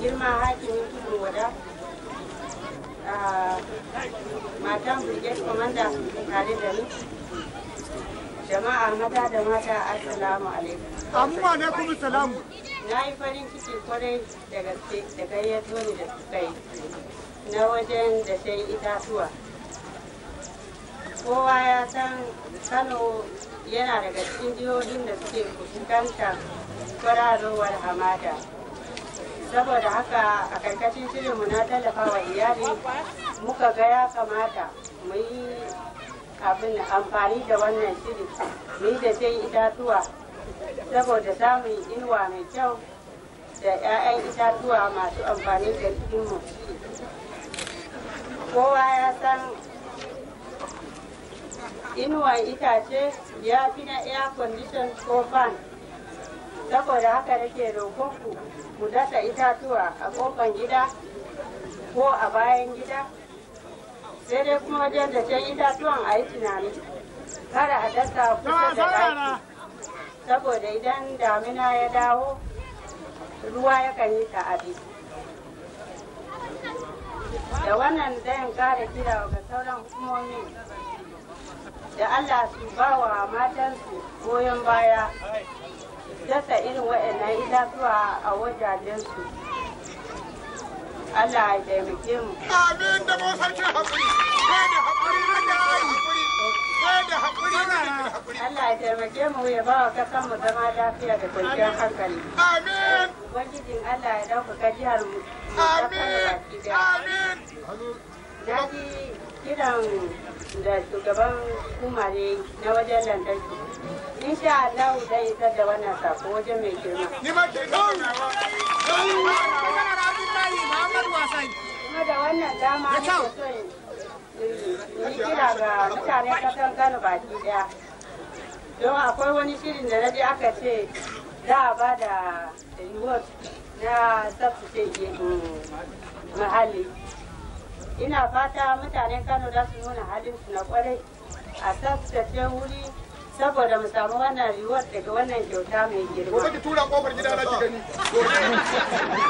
girma hakimin tudun wada matan brigade commander tare da ni jama'a maza da mata assalamu alaikum amma ne kuma salamu na yi farin ciki kwarai da gaske da gayyato ni da suka yi na wajen da sai itatuwa kowa ya san kano yana daga cikin jihohin da suke fuskantar kwararowar hamada saboda haka a karkashin shirinmu na tallafa wa iyali muka ga ya kamata mu yi abin amfani da wannan shiri ni da sai itatuwa saboda samun inuwa mai kyau da 'ya'yan itatuwa masu amfani da jikinmu kowa ya san inuwan itace ya fi na air condition ko fan saboda haka nake rokonku ku dasa itatuwa a ƙofan gida ko a bayan gida sai dai kuma wajen da can itatuwan a yi tunani kada a dasa kusa da ɗaki saboda idan damina ya dawo ruwa yakan yi ta'adi da wannan zan kare kira ga sauran hukumomi da Allah su ba wa matansu goyon baya dasa irin waɗannan itatuwa a wajajensu Allah ya taimake mu. Amin da da da da da Allah ya taimake mu ya ba wa kasan mu zama lafiya da kwanciyar hankali. Amin. Ubangijin Allah ya ɗaukaka jihar mu. Amin. Amin. na ji kiran da shugaban kuma ne na wajen lantarki in sha Allah zan isar da wannan sako wajen mai girma kuma da wannan dama ne so yi kira ga mutanen kasan Kano baki daya don akwai wani shirin da na je aka ce za a ba da reward na tsaftace eh, muhalli ina fata mutanen kano za su nuna halin na kwarai a tsaftace wuri saboda mu samu wannan riwar daga wannan kyauta mai girma. ki